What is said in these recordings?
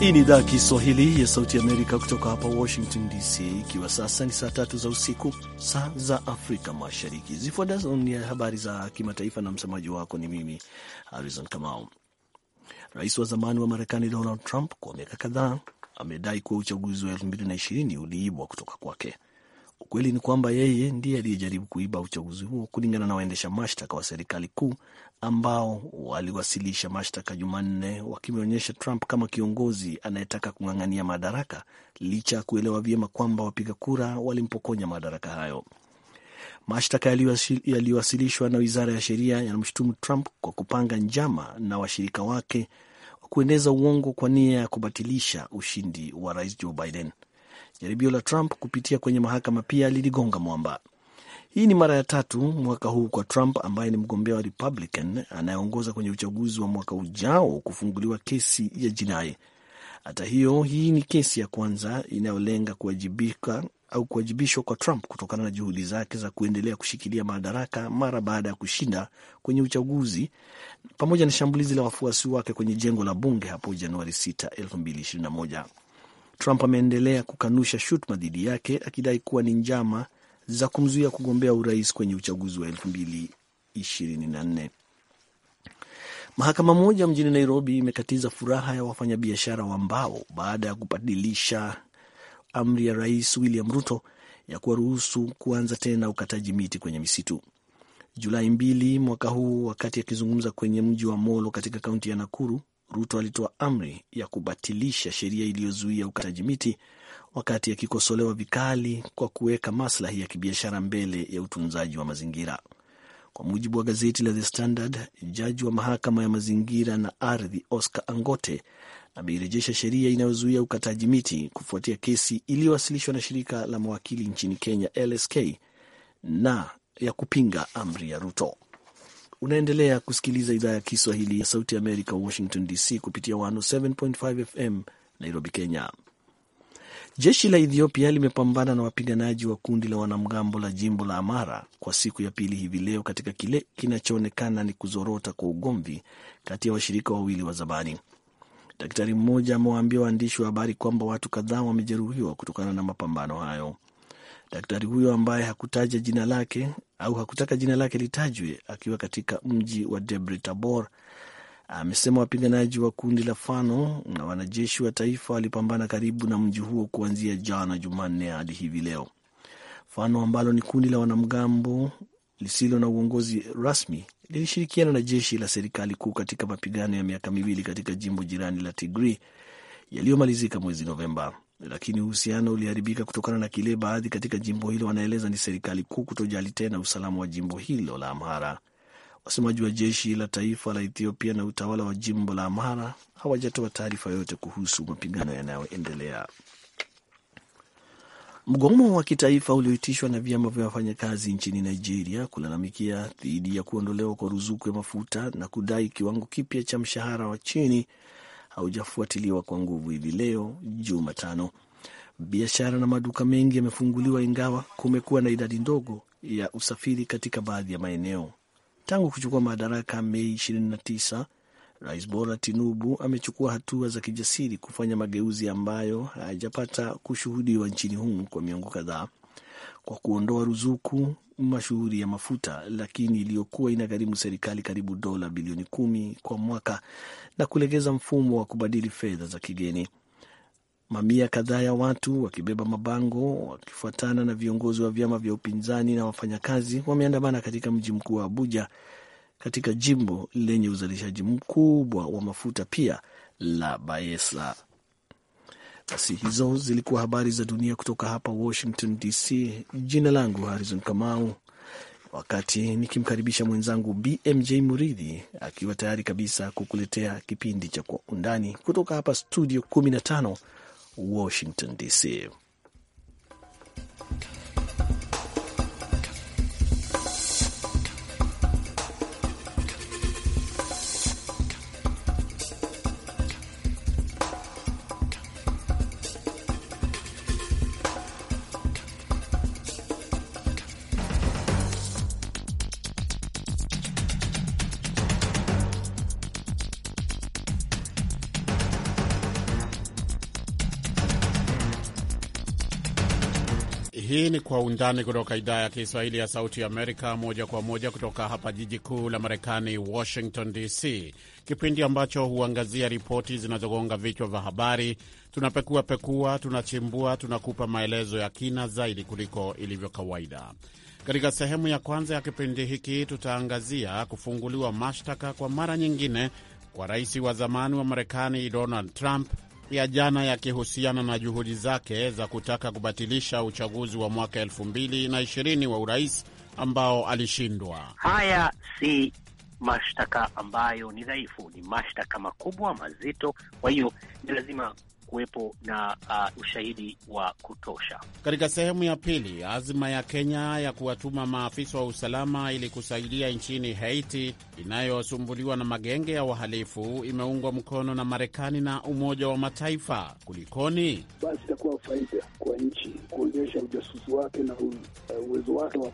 Hii ni idhaa ya Kiswahili ya Sauti Amerika kutoka hapa Washington DC, ikiwa sasa ni saa tatu za usiku, saa za Afrika Mashariki. Zifuatazo ni habari za kimataifa na msemaji wako ni mimi Harrison Kamau. Rais wa zamani wa Marekani Donald Trump kwa miaka kadhaa amedai kuwa uchaguzi wa 2020 uliibwa kutoka kwake. Ukweli ni kwamba yeye ndiye aliyejaribu kuiba uchaguzi huo, kulingana na waendesha mashtaka wa serikali kuu ambao waliwasilisha mashtaka Jumanne, wakimwonyesha Trump kama kiongozi anayetaka kung'ang'ania madaraka licha ya kuelewa vyema kwamba wapiga kura walimpokonya madaraka hayo. Mashtaka yaliyowasilishwa na wizara ya sheria yanamshutumu Trump kwa kupanga njama na washirika wake wa kueneza uongo kwa nia ya kubatilisha ushindi wa rais Joe Biden. Jaribio la Trump kupitia kwenye mahakama pia liligonga mwamba. Hii ni mara ya tatu mwaka huu kwa Trump ambaye ni mgombea wa Republican anayeongoza kwenye uchaguzi wa mwaka ujao kufunguliwa kesi ya jinai. Hata hiyo, hii ni kesi ya kwanza inayolenga kuwajibika au kuwajibishwa kwa Trump kutokana na juhudi zake za kuendelea kushikilia madaraka mara baada ya kushinda kwenye uchaguzi pamoja na shambulizi la wafuasi wake kwenye jengo la bunge hapo Januari 6, 2021. Trump ameendelea kukanusha shutuma dhidi yake akidai kuwa ni njama za kumzuia kugombea urais kwenye uchaguzi wa 2024. Mahakama moja mjini Nairobi imekatiza furaha ya wafanyabiashara wa mbao baada ya kubadilisha amri ya Rais William Ruto ya kuwaruhusu kuanza tena ukataji miti kwenye misitu Julai mbili mwaka huu. Wakati akizungumza kwenye mji wa Molo katika kaunti ya Nakuru, Ruto alitoa amri ya kubatilisha sheria iliyozuia ukataji miti wakati akikosolewa vikali kwa kuweka maslahi ya kibiashara mbele ya utunzaji wa mazingira. Kwa mujibu wa gazeti la The Standard, jaji wa mahakama ya mazingira na ardhi Oscar Angote ameirejesha sheria inayozuia ukataji miti kufuatia kesi iliyowasilishwa na shirika la mawakili nchini Kenya, LSK, na ya kupinga amri ya Ruto. Unaendelea kusikiliza idhaa ya Kiswahili ya Sauti ya Amerika, Washington DC, kupitia 107.5 FM Nairobi, Kenya. Jeshi la Ethiopia limepambana na wapiganaji wa kundi la wanamgambo la jimbo la Amara kwa siku ya pili hivi leo katika kile kinachoonekana ni kuzorota kwa ugomvi kati ya washirika wawili wa zamani. Daktari mmoja amewaambia waandishi wa habari kwamba watu kadhaa wamejeruhiwa kutokana na mapambano hayo. Daktari huyo ambaye hakutaja jina lake au hakutaka jina lake litajwe, akiwa katika mji wa Debre Tabor, amesema wapiganaji wa kundi la Fano na wanajeshi wa taifa walipambana karibu na mji huo kuanzia jana Jumanne hadi hivi leo. Fano ambalo ni kundi la wanamgambo lisilo na uongozi rasmi lilishirikiana na jeshi la serikali kuu katika mapigano ya miaka miwili katika jimbo jirani la Tigri yaliyomalizika mwezi Novemba lakini uhusiano uliharibika kutokana na kile baadhi katika jimbo hilo wanaeleza ni serikali kuu kutojali tena usalama wa jimbo hilo la Amhara. Wasemaji wa jeshi la taifa la Ethiopia na utawala wa jimbo la Amhara hawajatoa taarifa yoyote kuhusu mapigano yanayoendelea. Mgomo wa kitaifa ulioitishwa na vyama vya wafanyakazi nchini Nigeria kulalamikia dhidi ya kuondolewa kwa ruzuku ya mafuta na kudai kiwango kipya cha mshahara wa chini haujafuatiliwa kwa nguvu hivi leo Jumatano. Biashara na maduka mengi yamefunguliwa ingawa kumekuwa na idadi ndogo ya usafiri katika baadhi ya maeneo. Tangu kuchukua madaraka Mei 29, Rais Bola Tinubu amechukua hatua za kijasiri kufanya mageuzi ambayo hayajapata kushuhudiwa nchini humu kwa miongo kadhaa, kwa kuondoa ruzuku mashuhuri ya mafuta, lakini iliyokuwa inagharimu serikali karibu dola bilioni kumi kwa mwaka na kulegeza mfumo wa kubadili fedha za kigeni. Mamia kadhaa ya watu wakibeba mabango wakifuatana na viongozi wa vyama vya upinzani na wafanyakazi wameandamana katika mji mkuu wa Abuja, katika jimbo lenye uzalishaji mkubwa wa mafuta pia la Bayelsa. Basi hizo zilikuwa habari za dunia kutoka hapa Washington DC. Jina langu Harrison Kamau, wakati nikimkaribisha mwenzangu BMJ Muridhi akiwa tayari kabisa kukuletea kipindi cha Kwa Undani kutoka hapa studio 15 Washington DC. Kwa Undani kutoka idhaa ya Kiswahili ya Sauti Amerika, moja kwa moja kutoka hapa jiji kuu la Marekani, Washington DC, kipindi ambacho huangazia ripoti zinazogonga vichwa vya habari. Tunapekua pekua, tunachimbua, tunakupa maelezo ya kina zaidi kuliko ilivyo kawaida. Katika sehemu ya kwanza ya kipindi hiki tutaangazia kufunguliwa mashtaka kwa mara nyingine kwa rais wa zamani wa Marekani Donald Trump ya jana yakihusiana na juhudi zake za kutaka kubatilisha uchaguzi wa mwaka elfu mbili na ishirini wa urais ambao alishindwa. Haya si mashtaka ambayo ni dhaifu, ni mashtaka makubwa mazito. Kwa hiyo ni lazima kuwepo na uh, ushahidi wa kutosha. Katika sehemu ya pili, azma ya Kenya ya kuwatuma maafisa wa usalama ili kusaidia nchini Haiti inayosumbuliwa na magenge ya wahalifu imeungwa mkono na Marekani na Umoja wa Mataifa. Kulikoni? Basi itakuwa faida kwa nchi kuonyesha ujasusi wake na uh, uwezo wake wa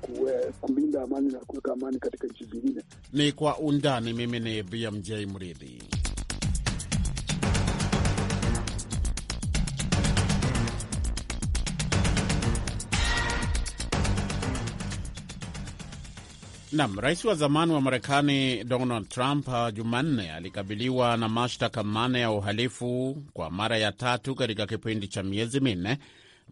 kulinda amani na kuweka amani katika nchi zingine. Ni kwa undani. Mimi ni BMJ Mridhi. Nam, rais wa zamani wa Marekani Donald Trump uh, Jumanne alikabiliwa na mashtaka manne ya uhalifu kwa mara ya tatu katika kipindi cha miezi minne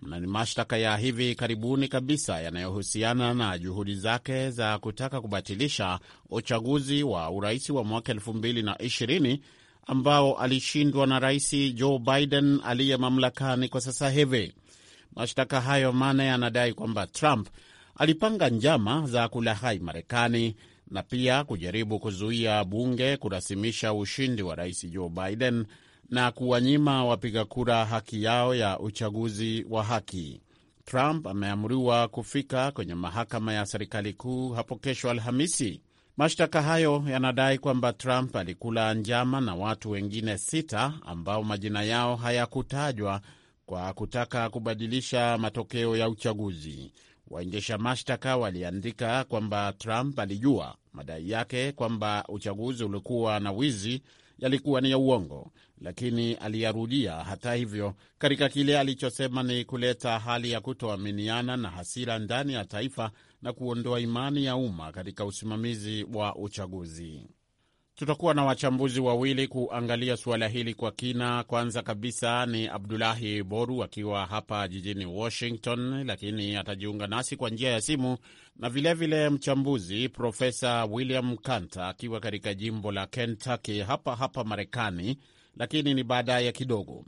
na ni mashtaka ya hivi karibuni kabisa yanayohusiana na juhudi zake za kutaka kubatilisha uchaguzi wa urais wa mwaka 2020 ambao alishindwa na rais Joe Biden aliye mamlakani kwa sasa hivi. Mashtaka hayo manne yanadai kwamba Trump Alipanga njama za kulahai Marekani na pia kujaribu kuzuia bunge kurasimisha ushindi wa rais Joe Biden na kuwanyima wapiga kura haki yao ya uchaguzi wa haki. Trump ameamriwa kufika kwenye mahakama ya serikali kuu hapo kesho Alhamisi. Mashtaka hayo yanadai kwamba Trump alikula njama na watu wengine sita ambao majina yao hayakutajwa kwa kutaka kubadilisha matokeo ya uchaguzi. Waendesha mashtaka waliandika kwamba Trump alijua madai yake kwamba uchaguzi ulikuwa na wizi yalikuwa ni ya uongo, lakini aliyarudia hata hivyo, katika kile alichosema ni kuleta hali ya kutoaminiana na hasira ndani ya taifa na kuondoa imani ya umma katika usimamizi wa uchaguzi. Tutakuwa na wachambuzi wawili kuangalia suala hili kwa kina. Kwanza kabisa ni Abdulahi Boru akiwa hapa jijini Washington, lakini atajiunga nasi kwa njia ya simu, na vilevile vile mchambuzi Profesa William Kanta akiwa katika jimbo la Kentucky hapa hapa Marekani, lakini ni baadaye kidogo.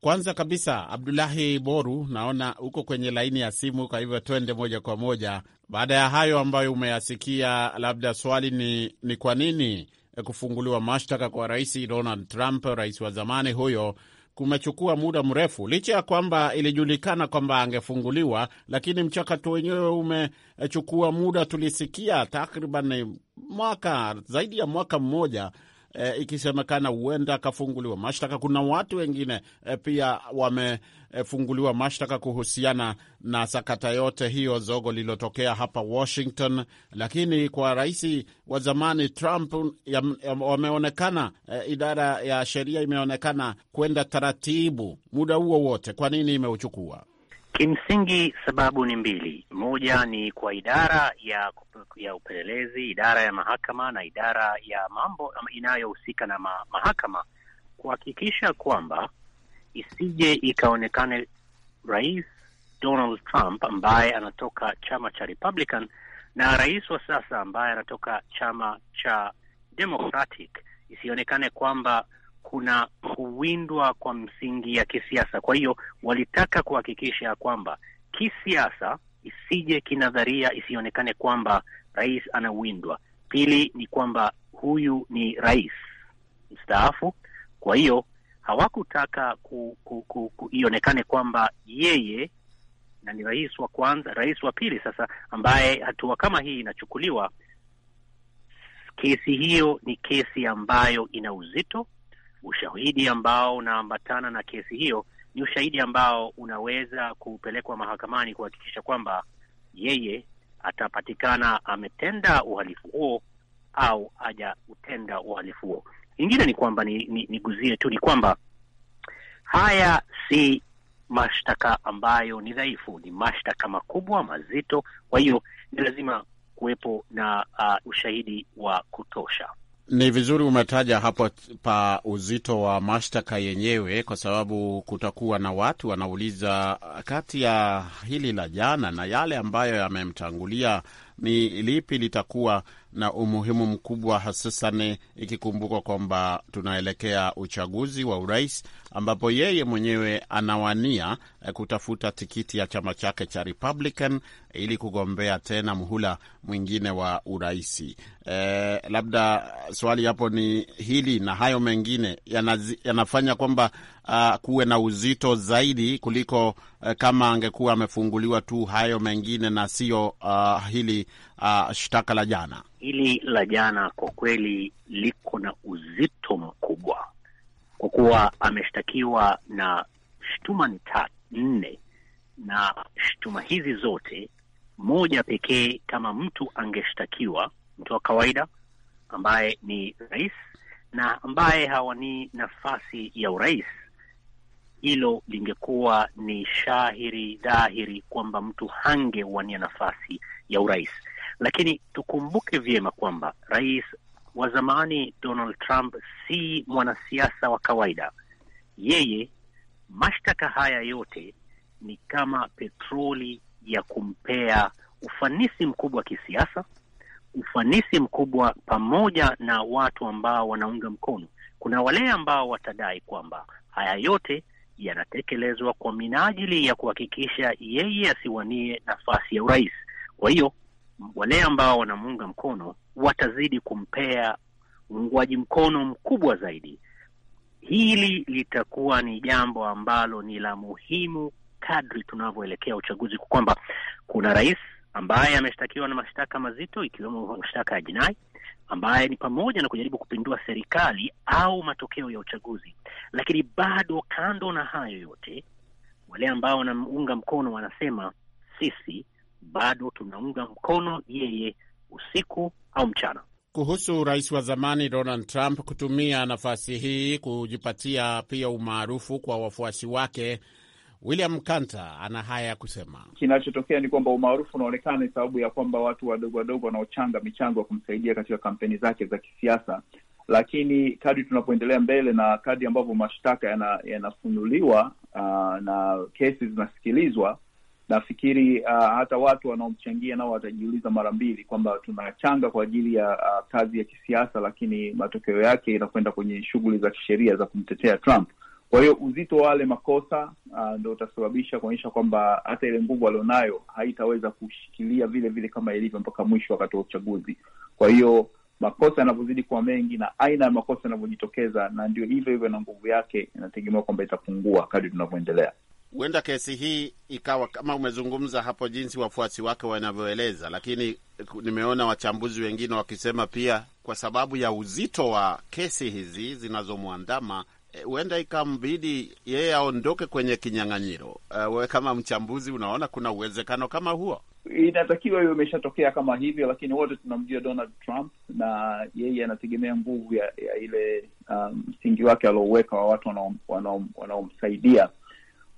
Kwanza kabisa, Abdulahi Boru, naona uko kwenye laini ya simu, kwa hivyo twende moja kwa moja. Baada ya hayo ambayo umeyasikia, labda swali ni, ni kwa nini kufunguliwa mashtaka kwa Rais Donald Trump, rais wa zamani huyo kumechukua muda mrefu, licha ya kwamba ilijulikana kwamba angefunguliwa, lakini mchakato wenyewe umechukua muda. Tulisikia takriban mwaka, zaidi ya mwaka mmoja eh, ikisemekana huenda akafunguliwa mashtaka. Kuna watu wengine eh, pia wamefunguliwa eh, mashtaka kuhusiana na sakata yote hiyo zogo lililotokea hapa Washington, lakini kwa rais wa zamani Trump wameonekana eh, idara ya sheria imeonekana kwenda taratibu muda huo wote. Kwa nini imeuchukua? Kimsingi sababu ni mbili. Moja ni kwa idara ya ya upelelezi, idara ya mahakama na idara ya mambo inayohusika na ma, mahakama kuhakikisha kwamba isije ikaonekane Rais Donald Trump ambaye anatoka chama cha Republican na rais wa sasa ambaye anatoka chama cha Democratic isionekane kwamba kuna kuwindwa kwa msingi ya kisiasa. Kwa hiyo walitaka kuhakikisha kwamba kisiasa isije kinadharia, isionekane kwamba rais anawindwa. Pili ni kwamba huyu ni rais mstaafu, kwa hiyo hawakutaka ku, ku, ku, ku, ionekane kwamba yeye na ni rais wa kwanza, rais wa pili sasa ambaye hatua kama hii inachukuliwa. Kesi hiyo ni kesi ambayo ina uzito ushahidi ambao unaambatana na kesi hiyo ni ushahidi ambao unaweza kupelekwa mahakamani kuhakikisha kwamba yeye atapatikana ametenda uhalifu huo au hajautenda uhalifu huo. Ingine ni kwamba niguzie ni, ni tu ni kwamba haya si mashtaka ambayo ni dhaifu, ni mashtaka makubwa mazito. Kwa hiyo ni lazima kuwepo na uh, ushahidi wa kutosha. Ni vizuri umetaja hapo pa uzito wa mashtaka yenyewe, kwa sababu kutakuwa na watu wanauliza kati ya hili la jana na yale ambayo yamemtangulia ni lipi litakuwa na umuhimu mkubwa, hususan ikikumbukwa kwamba tunaelekea uchaguzi wa urais ambapo yeye mwenyewe anawania eh, kutafuta tikiti ya chama chake cha Republican ili kugombea tena muhula mwingine wa uraisi. E, labda swali hapo ni hili na hayo mengine yanafanya kwamba uh, kuwe na uzito zaidi kuliko uh, kama angekuwa amefunguliwa tu hayo mengine na siyo uh, hili uh, shtaka la jana. Hili la jana kwa kweli liko na uzito mkubwa kwa kuwa ameshtakiwa na shtuma tatu nne, na shtuma hizi zote, moja pekee, kama mtu angeshtakiwa, mtu wa kawaida ambaye ni rais na ambaye hawanii nafasi ya urais, hilo lingekuwa ni shahiri dhahiri kwamba mtu hangewania nafasi ya urais. Lakini tukumbuke vyema kwamba rais wa zamani Donald Trump si mwanasiasa wa kawaida. Yeye mashtaka haya yote ni kama petroli ya kumpea ufanisi mkubwa wa kisiasa, ufanisi mkubwa pamoja na watu ambao wanaunga mkono. Kuna wale ambao watadai kwamba haya yote yanatekelezwa kwa minajili ya kuhakikisha yeye asiwanie nafasi ya urais. Kwa hiyo wale ambao wanamuunga mkono watazidi kumpea uungwaji mkono mkubwa zaidi. Hili litakuwa ni jambo ambalo ni la muhimu kadri tunavyoelekea uchaguzi, kwamba kuna rais ambaye ameshtakiwa na mashtaka mazito ikiwemo mashtaka ya jinai ambaye ni pamoja na kujaribu kupindua serikali au matokeo ya uchaguzi. Lakini bado kando na hayo yote, wale ambao wanamuunga mkono wanasema sisi bado tunaunga mkono yeye usiku au mchana. Kuhusu rais wa zamani Donald Trump kutumia nafasi hii kujipatia pia umaarufu kwa wafuasi wake William Kanta ana haya ya kusema. Kinachotokea ni kwamba umaarufu unaonekana ni sababu ya kwamba watu wadogo wadogo wanaochanga michango ya kumsaidia katika kampeni zake za kisiasa, lakini kadri tunapoendelea mbele na kadri ambavyo mashtaka yanafunuliwa yana uh, na kesi zinasikilizwa nafikiri uh, hata watu wanaomchangia nao watajiuliza mara mbili kwamba tunachanga kwa ajili ya uh, kazi ya kisiasa, lakini matokeo yake inakwenda kwenye shughuli za kisheria za kumtetea Trump. Kwa hiyo uzito wa wale makosa uh, ah, ndo utasababisha kuonyesha kwamba hata ile nguvu alionayo haitaweza kushikilia vile vile kama ilivyo mpaka mwisho wakati wa uchaguzi. Kwa hiyo makosa yanavyozidi kuwa mengi na aina ya makosa yanavyojitokeza, na ndio hivyo hivyo, na nguvu yake inategemewa kwamba itapungua kadri tunavyoendelea. Huenda kesi hii ikawa kama umezungumza hapo, jinsi wafuasi wake wanavyoeleza, lakini nimeona wachambuzi wengine wakisema pia, kwa sababu ya uzito wa kesi hizi zinazomwandama Eh, huenda ikambidi yeye aondoke kwenye kinyang'anyiro. Eh, wewe uh, kama mchambuzi unaona kuna uwezekano kama huo? Inatakiwa hiyo imeshatokea kama hivyo, lakini wote tunamjua Donald Trump na yeye anategemea nguvu ya, ya ile um, msingi um, wake aliouweka wa watu wanaomsaidia.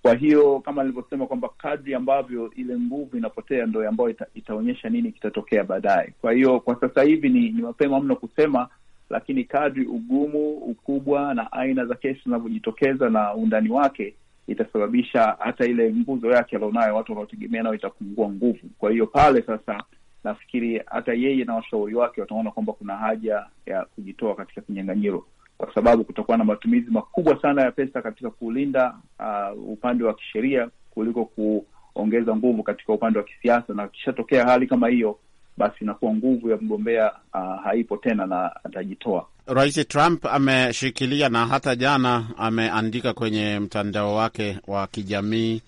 Kwa hiyo kama nilivyosema kwamba kadri ambavyo ile nguvu inapotea ndo ambayo ita, itaonyesha nini kitatokea baadaye. Kwa hiyo kwa sasa hivi ni, ni mapema mno kusema lakini kadri ugumu, ukubwa na aina za kesi zinavyojitokeza na undani wake itasababisha hata ile nguzo yake alionayo watu wanaotegemea nao itapungua nguvu. Kwa hiyo pale sasa, nafikiri hata yeye na washauri wake wataona kwamba kuna haja ya kujitoa katika kinyang'anyiro, kwa sababu kutakuwa na matumizi makubwa sana ya pesa katika kulinda uh, upande wa kisheria kuliko kuongeza nguvu katika upande wa kisiasa, na kishatokea hali kama hiyo basi inakuwa nguvu ya mgombea uh, haipo tena na atajitoa. Rais Trump ameshikilia na hata jana ameandika kwenye mtandao wake wa kijamii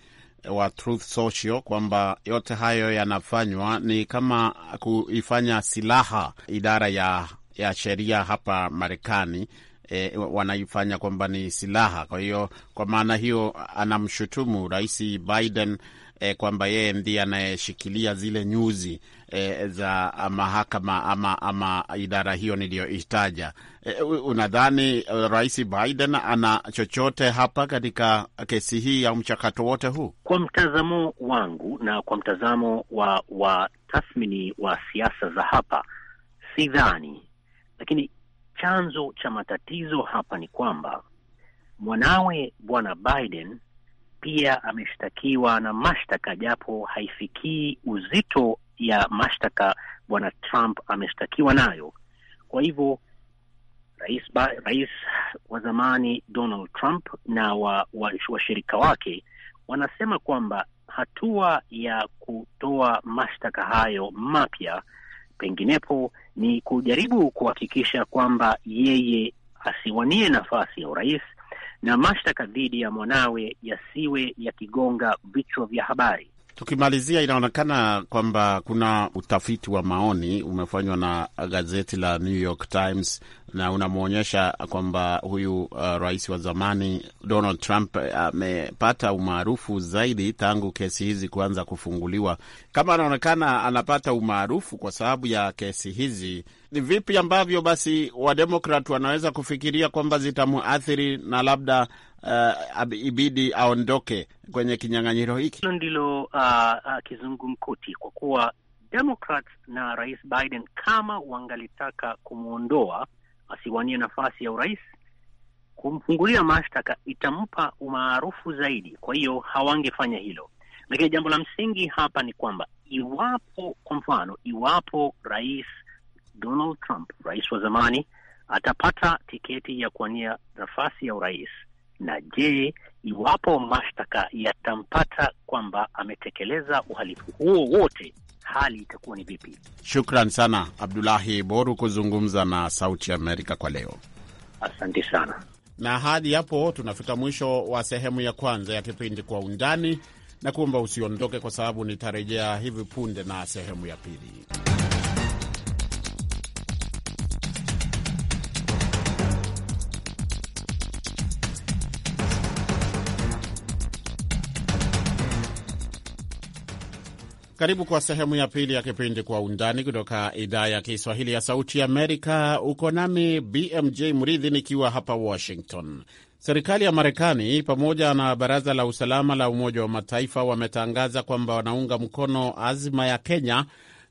wa Truth Social kwamba yote hayo yanafanywa ni kama kuifanya silaha idara ya, ya sheria hapa Marekani. E, wanaifanya kwamba ni silaha. Kwa hiyo kwa maana hiyo anamshutumu Rais Biden eh, kwamba yeye ndiye anayeshikilia zile nyuzi eh, za mahakama ama, ama idara hiyo niliyoitaja. Eh, unadhani e, Rais Biden ana chochote hapa katika kesi hii au mchakato wote huu? Kwa mtazamo wangu na kwa mtazamo wa, wa tathmini wa siasa za hapa sidhani, lakini chanzo cha matatizo hapa ni kwamba mwanawe Bwana Biden pia ameshtakiwa na mashtaka, japo haifikii uzito ya mashtaka bwana Trump ameshtakiwa nayo. Kwa hivyo rais, rais wa zamani Donald Trump na washirika wa, wa wake wanasema kwamba hatua ya kutoa mashtaka hayo mapya penginepo ni kujaribu kuhakikisha kwamba yeye asiwanie nafasi ya urais na mashtaka dhidi ya mwanawe yasiwe yakigonga vichwa vya habari Tukimalizia, inaonekana kwamba kuna utafiti wa maoni umefanywa na gazeti la New York Times na unamwonyesha kwamba huyu uh, rais wa zamani Donald Trump uh, amepata uh, umaarufu zaidi tangu kesi hizi kuanza kufunguliwa. Kama anaonekana anapata umaarufu kwa sababu ya kesi hizi, ni vipi ambavyo basi Wademokrat wanaweza kufikiria kwamba zitamuathiri na labda uh, ibidi aondoke kwenye kinyang'anyiro hiki? Hilo ndilo uh, uh, kizungumkuti kwa kuwa Democrats na Rais Biden kama wangalitaka kumwondoa asiwanie nafasi ya urais, kumfungulia mashtaka itampa umaarufu zaidi. Kwa hiyo hawangefanya hilo, lakini jambo la msingi hapa ni kwamba iwapo, kwa mfano, iwapo Rais Donald Trump, rais wa zamani, atapata tiketi ya kuwania nafasi ya urais na je, iwapo mashtaka yatampata kwamba ametekeleza uhalifu huo wote, hali itakuwa ni vipi? Shukran sana Abdulahi Boru kuzungumza na Sauti ya Amerika kwa leo. Asante sana. Na hadi hapo tunafika mwisho wa sehemu ya kwanza ya kipindi Kwa Undani, na kuomba usiondoke, kwa sababu nitarejea hivi punde na sehemu ya pili. Karibu kwa sehemu ya pili ya kipindi Kwa Undani kutoka idhaa ya Kiswahili ya Sauti ya Amerika. Uko nami BMJ Mridhi nikiwa hapa Washington. Serikali ya Marekani pamoja na Baraza la Usalama la Umoja wa Mataifa wametangaza kwamba wanaunga mkono azma ya Kenya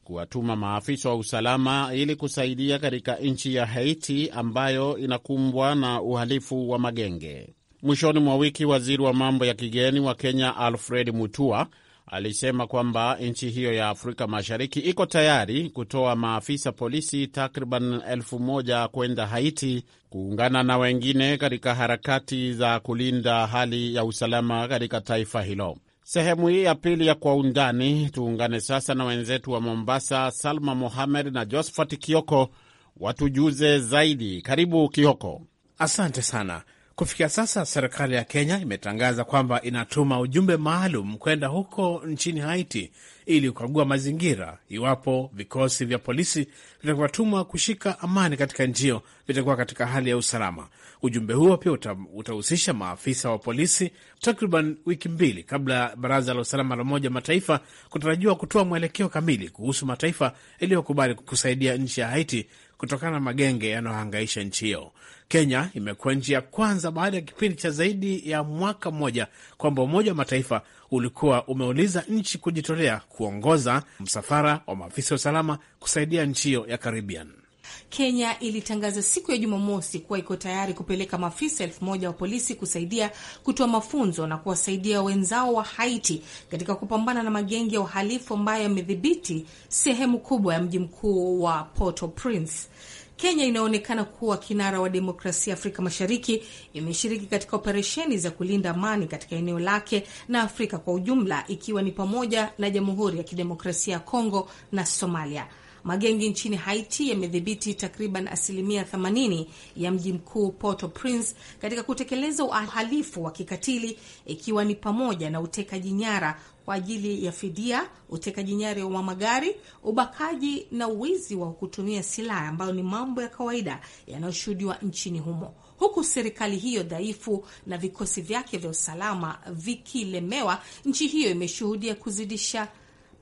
kuwatuma maafisa wa usalama ili kusaidia katika nchi ya Haiti ambayo inakumbwa na uhalifu wa magenge. Mwishoni mwa wiki, waziri wa mambo ya kigeni wa Kenya Alfred Mutua alisema kwamba nchi hiyo ya Afrika Mashariki iko tayari kutoa maafisa polisi takriban elfu moja kwenda Haiti kuungana na wengine katika harakati za kulinda hali ya usalama katika taifa hilo. Sehemu hii ya pili ya Kwa Undani, tuungane sasa na wenzetu wa Mombasa, Salma Mohamed na Josphat Kioko watujuze zaidi. Karibu Kioko. Asante sana. Kufikia sasa serikali ya Kenya imetangaza kwamba inatuma ujumbe maalum kwenda huko nchini Haiti ili kukagua mazingira. Iwapo vikosi vya polisi vitakavyotumwa kushika amani katika nchi hiyo, vitakuwa katika hali ya usalama. Ujumbe huo pia utahusisha maafisa wa polisi takriban wiki mbili kabla ya Baraza la Usalama la Umoja Mataifa kutarajiwa kutoa mwelekeo kamili kuhusu mataifa yaliyokubali kusaidia nchi ya Haiti kutokana na magenge yanayohangaisha nchi hiyo. Kenya imekuwa nchi ya kwanza baada ya kipindi cha zaidi ya mwaka mmoja kwamba Umoja wa Mataifa ulikuwa umeuliza nchi kujitolea kuongoza msafara wa maafisa wa usalama kusaidia nchi hiyo ya Caribbean. Kenya ilitangaza siku ya Jumamosi kuwa iko tayari kupeleka maafisa elfu moja wa polisi kusaidia kutoa mafunzo na kuwasaidia wenzao wa Haiti katika kupambana na magenge ya uhalifu ambayo yamedhibiti sehemu kubwa ya mji mkuu wa Port-au-Prince. Kenya inaonekana kuwa kinara wa demokrasia Afrika Mashariki. Imeshiriki katika operesheni za kulinda amani katika eneo lake na Afrika kwa ujumla, ikiwa ni pamoja na Jamhuri ya Kidemokrasia ya Kongo na Somalia. Magengi nchini Haiti yamedhibiti takriban asilimia 80 ya mji mkuu porto prince katika kutekeleza uhalifu wa kikatili, ikiwa ni pamoja na utekaji nyara kwa ajili ya fidia, utekaji nyara wa magari, ubakaji na uwizi wa kutumia silaha, ambayo ni mambo ya kawaida yanayoshuhudiwa nchini humo, huku serikali hiyo dhaifu na vikosi vyake vya usalama vikilemewa. Nchi hiyo imeshuhudia kuzidisha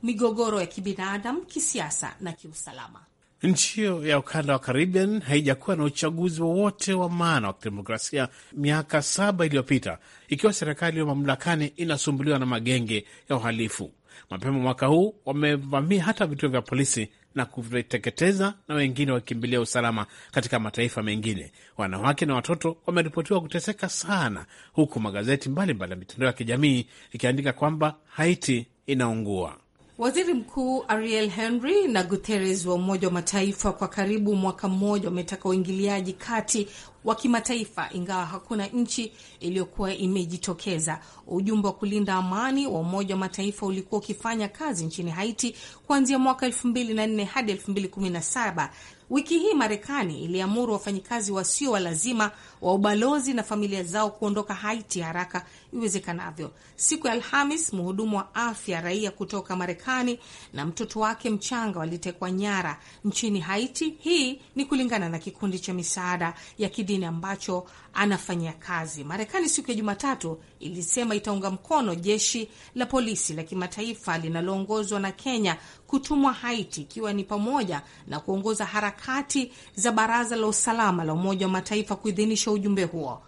migogoro ya kibinadamu, kisiasa na kiusalama. Nchi hiyo ya ukanda wa Caribbean haijakuwa na uchaguzi wowote wa maana wa kidemokrasia miaka saba iliyopita, ikiwa serikali ya mamlakani inasumbuliwa na magenge ya uhalifu. Mapema mwaka huu wamevamia hata vituo vya polisi na kuviteketeza na wengine wakikimbilia usalama katika mataifa mengine. Wanawake na watoto wameripotiwa kuteseka sana, huku magazeti mbalimbali ya mitandao ya kijamii ikiandika kwamba Haiti inaungua. Waziri Mkuu Ariel Henry na Guterres wa Umoja wa Mataifa kwa karibu mwaka mmoja wametaka uingiliaji kati wa kimataifa, ingawa hakuna nchi iliyokuwa imejitokeza. Ujumbe wa kulinda amani wa Umoja wa Mataifa ulikuwa ukifanya kazi nchini Haiti kuanzia mwaka 24 hadi 2017 Wiki hii Marekani iliamuru wafanyikazi wasio wa lazima wa ubalozi na familia zao kuondoka Haiti haraka iwezekanavyo. Siku ya Alhamis, mhudumu wa afya raia kutoka Marekani na mtoto wake mchanga walitekwa nyara nchini Haiti. Hii ni kulingana na kikundi cha misaada ya kidini ambacho anafanyia kazi Marekani. Siku ya Jumatatu ilisema itaunga mkono jeshi la polisi la kimataifa linaloongozwa na Kenya kutumwa Haiti, ikiwa ni pamoja na kuongoza harakati za Baraza la Usalama la Umoja wa Mataifa kuidhinisha ujumbe huo.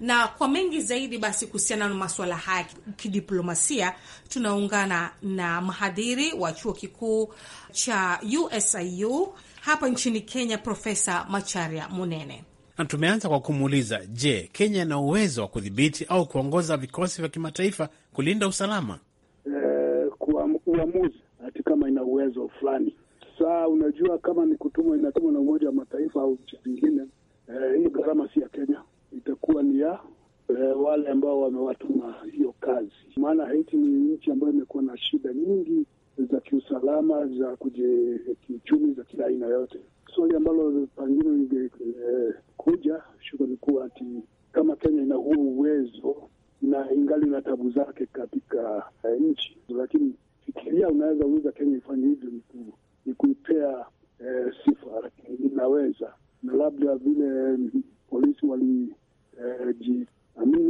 Na kwa mengi zaidi basi kuhusiana na masuala haya kidiplomasia, tunaungana na mhadhiri wa chuo kikuu cha USIU hapa nchini Kenya, Profesa Macharia Munene na tumeanza kwa kumuuliza, je, Kenya ina uwezo wa kudhibiti au kuongoza vikosi vya kimataifa kulinda usalama? Eh, uamuzi ati kama ina uwezo fulani. Saa unajua kama ni kutumwa, inatumwa na Umoja wa Mataifa au nchi zingine. Eh, hii gharama si ya Kenya, itakuwa ni ya eh, wale ambao wamewatuma hiyo kazi, maana Haiti ni nchi ambayo imekuwa na shida nyingi za kiusalama, za kiuchumi, za kila aina yote. Swali ambalo pengine lingekuja eh, shuka ni kuwa ati kama Kenya ina huo uwezo na ingali na tabu zake katika eh, nchi, lakini fikiria, unaweza uza Kenya ifanye hivyo, ni kuipea eh, sifa, lakini inaweza na labda vile polisi walijiamini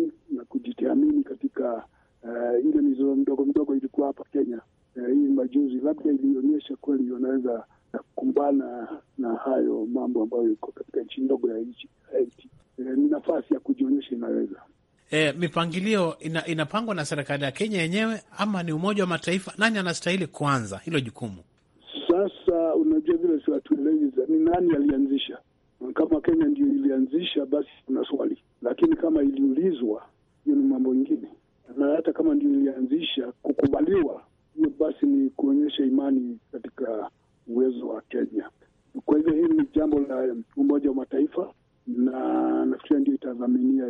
eh, na kujitiamini katika eh, ile mizozo mdogo mdogo ilikuwa hapa Kenya. Eh, hii majuzi labda ilionyesha kweli wanaweza kukumbana na hayo mambo ambayo iko katika nchi ndogo ya Haiti. E, ni nafasi ya kujionyesha inaweza E, mipangilio ina, inapangwa na serikali ya Kenya yenyewe ama ni Umoja wa Mataifa? Nani anastahili kuanza hilo jukumu? Sasa unajua vile si watuelezi ni nani alianzisha. Kama Kenya ndio ilianzisha, basi kuna swali, lakini kama iliulizwa, hiyo ni mambo ingine, na hata kama ndio ilianzisha, kukubaliwa hiyo basi ni kuonyesha imani katika uwezo wa Kenya. Kwa hivyo hili ni jambo la Umoja wa Mataifa na nafikiria ndio itadhaminia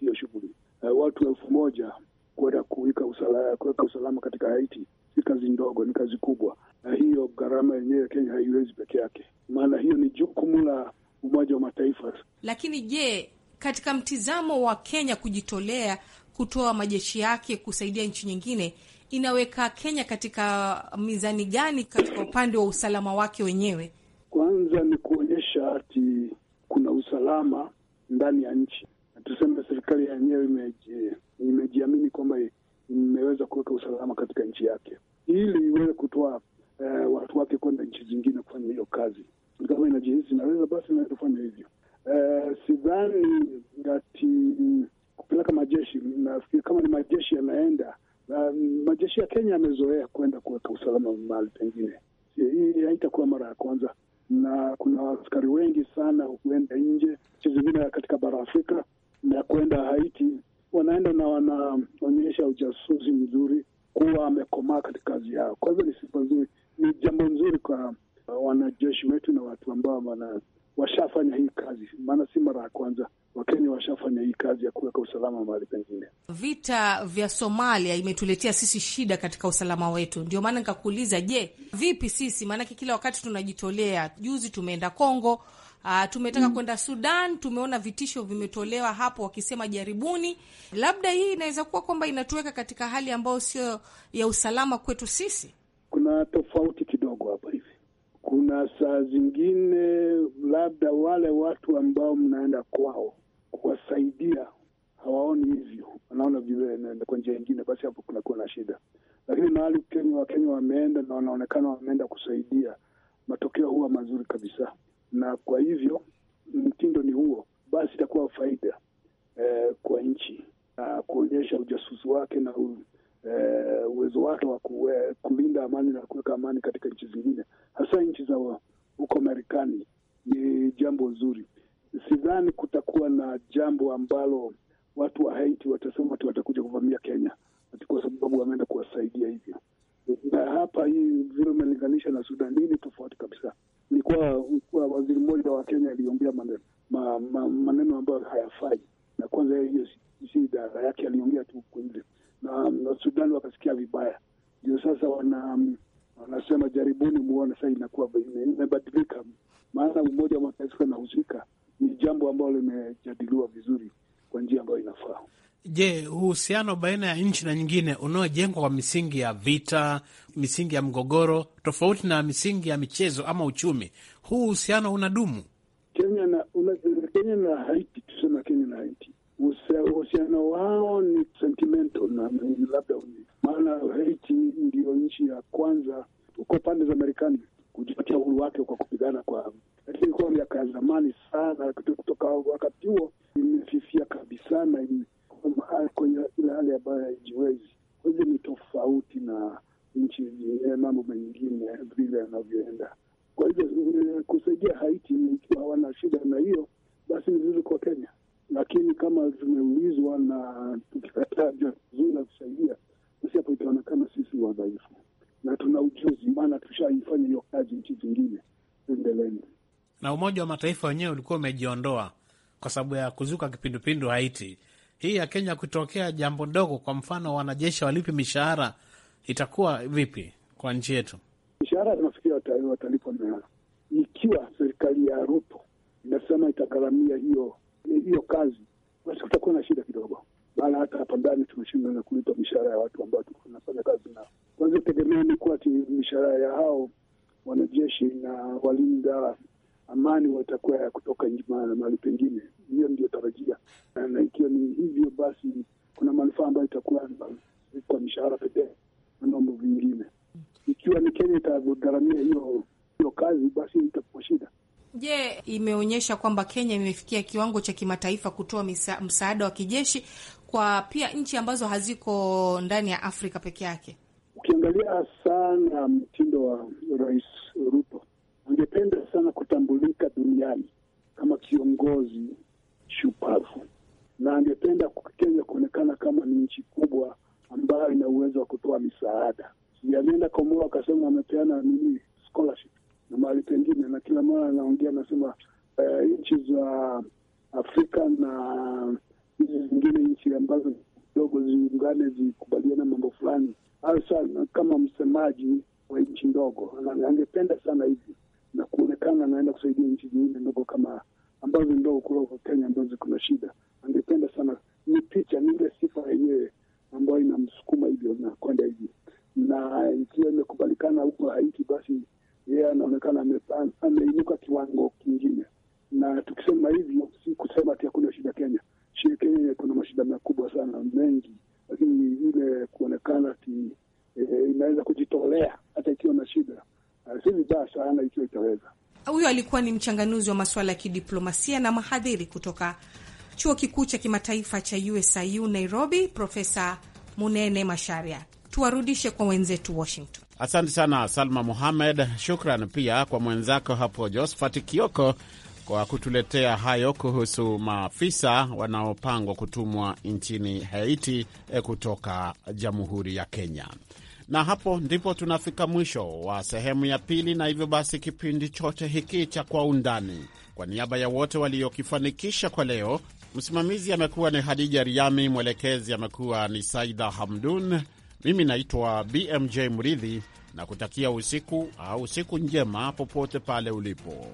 hiyo shughuli. Uh, watu elfu moja kuenda kuweka usala, usalama katika Haiti si kazi ndogo, ni kazi kubwa, na hiyo gharama yenyewe Kenya haiwezi peke yake, maana hiyo ni jukumu la Umoja wa Mataifa. Lakini je, katika mtizamo wa Kenya kujitolea kutoa majeshi yake kusaidia nchi nyingine, inaweka Kenya katika mizani gani katika upande wa usalama wake wenyewe? Kwanza ni kuonyesha ati kuna usalama ndani ya nchi, na tuseme serikali yenyewe imeji, imejiamini kwamba imeweza kuweka usalama katika nchi yake ili iweze kutoa eh, watu wake kwenda nchi zingine kufanya hiyo kazi. Kama inajihisi inaweza, basi naweza kufanya hivyo. Eh, sidhani ati kupeleka majeshi. Nafikiri kama ni majeshi yanaenda, na majeshi ya Kenya yamezoea kwenda kuweka usalama mahali pengine. Hii haitakuwa mara ya kwanza, na kuna askari wengi sana huenda nje nchi zingine katika bara Afrika na kwenda Haiti, wanaenda na wanaonyesha ujasusi mzuri kuwa amekomaa katika kazi yao. Kwa hivyo ni sifa nzuri, ni jambo nzuri kwa wanajeshi wetu na watu ambao washafanya hii kazi, maana si mara ya kwanza. Wakenya washafanya hii kazi ya kuweka usalama mahali pengine. Vita vya Somalia imetuletea sisi shida katika usalama wetu, ndio maana nikakuuliza, je, vipi sisi? Maanake kila wakati tunajitolea. Juzi tumeenda Kongo, Uh, tumetaka mm, kwenda Sudan. Tumeona vitisho vimetolewa hapo, wakisema jaribuni. Labda hii inaweza kuwa kwamba inatuweka katika hali ambayo sio ya usalama kwetu sisi. Kuna tofauti na saa zingine labda wale watu ambao mnaenda kwao kuwasaidia hawaoni hivyo, wanaona vile kwa njia ingine, basi hapo kunakuwa na shida. Lakini mahali Wakenya wameenda na wanaonekana wameenda kusaidia, matokeo huwa mazuri kabisa, na kwa hivyo mtindo ni huo, basi itakuwa faida eh, kwa nchi na kuonyesha ujasusi wake na Eh, uwezo wake wa eh, kulinda amani na kuweka amani katika nchi zingine, hasa nchi za huko Marekani ni jambo zuri. Sidhani kutakuwa na jambo ambalo watu wa Haiti watasema ati watakuja kuvamia Kenya ati kwa sababu wameenda kuwasaidia hivyo. Na hapa hii vile umelinganisha na Sudan, hii ni tofauti kabisa. Ni kuwa waziri mmoja wa Kenya aliongea maneno ma, ma, maneno ambayo hayafai, na kwanza hiyo si idara yake, aliongea tu hivyo na, na wakasikia vibaya, ndio sasa wana um, wanasema jaribuni muone sasa inakuwa imebadilika, maana Umoja wa Mataifa unahusika. Ni jambo ambalo limejadiliwa vizuri kwa njia ambayo inafaa. Je, uhusiano baina ya nchi na nyingine unaojengwa kwa misingi ya vita, misingi ya mgogoro, tofauti na misingi ya michezo ama uchumi, huu uhusiano unadumu? Kenya na, una, Kenya na Haiti, tuseme Kenya na Haiti uhusiano wao ni sentimental na labda, maana Haiti ndiyo nchi ya kwanza uko pande za Marekani kujipatia uhuru wake kwa kupigana kwa, lakini ilikuwa miaka ya zamani sana. Kutoka wakati huo imefifia kabisa na kwenye ile hali ambayo haijiwezi. Kwa hivyo ni tofauti na nchi mambo mengine vile yanavyoenda. Kwa hivyo eh, kusaidia Haiti ikiwa hawana shida na hiyo, basi ni vizuri kwa Kenya lakini kama zimeulizwa na tukikataja vizuri na kusaidia, basi hapo itaonekana sisi wadhaifu na tuna ujuzi, maana tushaifanya hiyo kazi nchi zingine endeleni Na Umoja wa Mataifa wenyewe ulikuwa umejiondoa kwa sababu ya kuzuka kipindupindu Haiti. Hii ya Kenya kutokea jambo ndogo kwa mfano wanajeshi walipi mishahara, itakuwa vipi kwa nchi yetu? Mishahara nafikiri watalipwa na ikiwa serikali ya Ruto inasema itagharamia hiyo hiyo kazi, basi kutakuwa na shida kidogo, maana hata hapa ndani tumeshindwa na kulipa mishahara ya watu ambao tunafanya kazi nao. Kwanza tegemea ni kuwa ati mishahara ya hao wanajeshi na walinda amani watakuwa ya kutoka mahali pengine. Hiyo ndio tarajia, na ikiwa ni hivyo, basi kuna manufaa ambayo itakuwa kwa mishahara pekee na mambo vingine. Ikiwa ni Kenya itagharamia hiyo hiyo kazi, basi itakuwa shida. Je, yeah, imeonyesha kwamba Kenya imefikia kiwango cha kimataifa kutoa msaada wa kijeshi kwa pia nchi ambazo haziko ndani ya Afrika peke yake. Ukiangalia sana mtindo wa Rais Ruto, angependa sana kutambulika duniani kama kiongozi shupavu, na angependa Kenya kuonekana kama ni nchi kubwa ambayo ina uwezo wa kutoa misaada. Alienda Komoro akasema amepeana nini scholarship na mahali pengine, na kila mara anaongea anasema uh, nchi za Afrika na hizi zingine nchi ambazo dogo ziungane zikubaliana mambo fulani, hasa kama msemaji wa nchi ndogo, angependa sana hivi na kuonekana anaenda kusaidia nchi zingine ndogo kama ambazo ndogo kuliko Kenya ambazo na shida, angependa sana ni picha ni ile sifa yenyewe ambayo inamsukuma hivyo na kwenda hivi, na ikiwa imekubalikana huko Haiti basi yeye yeah, anaonekana ameinuka kiwango kingine, na tukisema hivyo si kusema ati hakuna shida Kenya. Shida Kenya kuna mashida makubwa sana mengi, lakini ile kuonekana ati e, inaweza kujitolea hata ikiwa na shida uh, si vibaya sana ikiwa itaweza. Huyo alikuwa ni mchanganuzi wa masuala ya kidiplomasia na mahadhiri kutoka chuo kikuu cha kimataifa cha USIU Nairobi, Profesa Munene Masharia. Tuwarudishe kwa wenzetu Washington. Asante sana Salma Muhamed. Shukran pia kwa mwenzako hapo Josphat Kioko kwa kutuletea hayo kuhusu maafisa wanaopangwa kutumwa nchini Haiti eh, kutoka Jamhuri ya Kenya. Na hapo ndipo tunafika mwisho wa sehemu ya pili, na hivyo basi kipindi chote hiki cha Kwa Undani, kwa niaba ya wote waliokifanikisha kwa leo, msimamizi amekuwa ni Hadija Riami, mwelekezi amekuwa ni Saida Hamdun. Mimi naitwa BMJ Mridhi na kutakia usiku au siku njema popote pale ulipo.